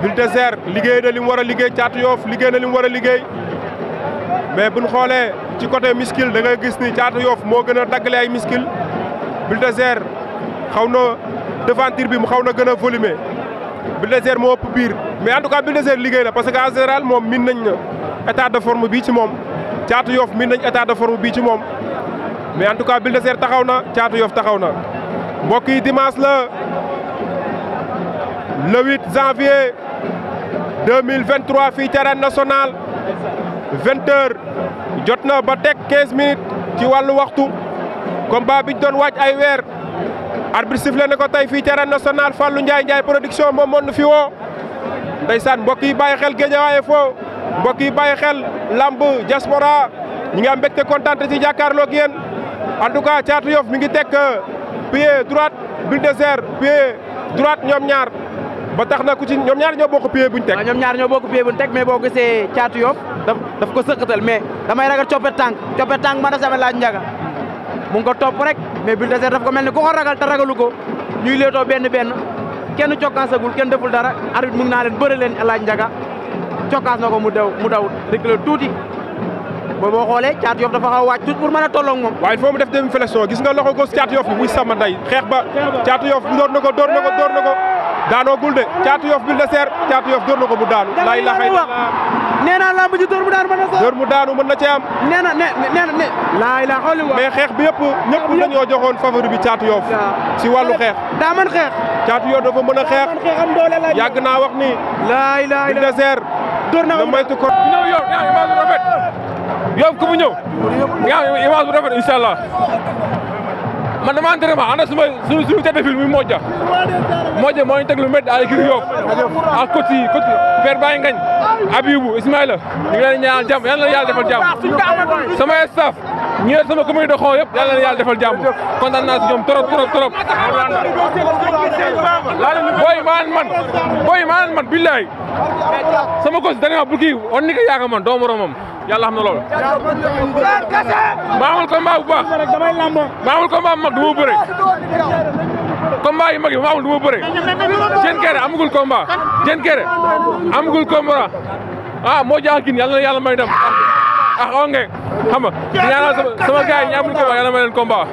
Buldozer liggéey na li mu war a liggéey Caatu Yoof liggéey na li mu war a liggéey mais buñ xoolee ci côté miskil da ngay gis ni Caatu Yoof moo gën a daggale ay miskil Buldozer xaw na devanture bi mu xaw na gën a volumer Buldozer moo ëpp biir mais en tout cas Buldozer liggéey na parce que en général moom min nañ état de forme bii ci moom Caatu Yoof min nañ état de forme bii ci moom mais en tout cas Buldozer taxaw na Caatu Yoof taxaw na mbokk yi dimanche la le janvier 2023 fii ci arène nationale 20 jot na ba teg 15 minutes ci wàllu waxtu combat bi ñu doon waaj ay weer arbitre sifflé na ko tey fii ci arène nationale Fallou Ndiaye Ndiaye production moom moo ñu fi woo ndeysaan mbokk yi bàyyi xel Guédiawaye foo mbokk yi bàyyi xel lamb diaspora ñi nga am mbégte kontaan ci jàkkaarloo ak yéen en tout cas Thiatou Yoff mi ngi teg euh, pied droite Bulldozer pied droite ñoom ñaar ba tax na ku ci ñoom ñaar ñoo bokk pied buñ teg waaw ñoom ñaar ñoo bokk pied buñ teg mais boo gisee caatu yof daf daf ko sëqatal mais damay ragal coppe tànk coppe tànk man da sama njaga mu ngi ko topp rek mais Buldozer daf ko mel ni ku ko ragal ta ragalu ko ñuy too benn benn kenn cokkaasagul kenn deful dara arbitre mun naa leen bëri leen laaj njaga cokkaas na ko mu daw mu daw réglé tuuti boo boo xoolee caat dafa xaw a wàcc tuut pour mën a tolloo ak moom waaye il faut mu def demi flexion gis nga loxo gos caat yof bi muy sama nday xeex ba na ko door na ko na ko daanoo gul de caatu yof bil de seer caatu yof dóor ko mu daanu. la ilaha illallah nee naa lamb ji mu daanu mën na soo. dóor mu xeex bi yëpp ñëpp dañoo joxoon favori bi caatu yof si wàllu xeex. daa mën xeex. caatu yof dafa mën a xeex. am doole la yàgg naa wax ni. laa ilaha illallah bil de seer. dóor na bu rafet. yow man dama entraînement ànd ak su ma suñu suñu tête de file muy Modja Modja moo ñu teg lu métti ay kii Yoff ak côté côté Père Baye Ngagne Abibou Ismaïla ñu ngi leen ñaanal jàmm yal na yàlla defal jàmm sama staff ñi sama commune de Xoo yëpp yal na yàlla defal jàmm kontaan naa si ñoom trop trop trop booy maan man billaay sama gos danga bu kii on ni ko yaaka man doo moromam yàlla xam na loolu maamul combat bu baax maamul combat bu mag du combat yi mag yi ma amul du ma bëre Diène Kairé amagul combat Diène Kairé amagul combat ah moo jaax gin yàlla may dem ah onge xam nga ñaanal sama sama gars yi ñaamul combat yàlla may leen combat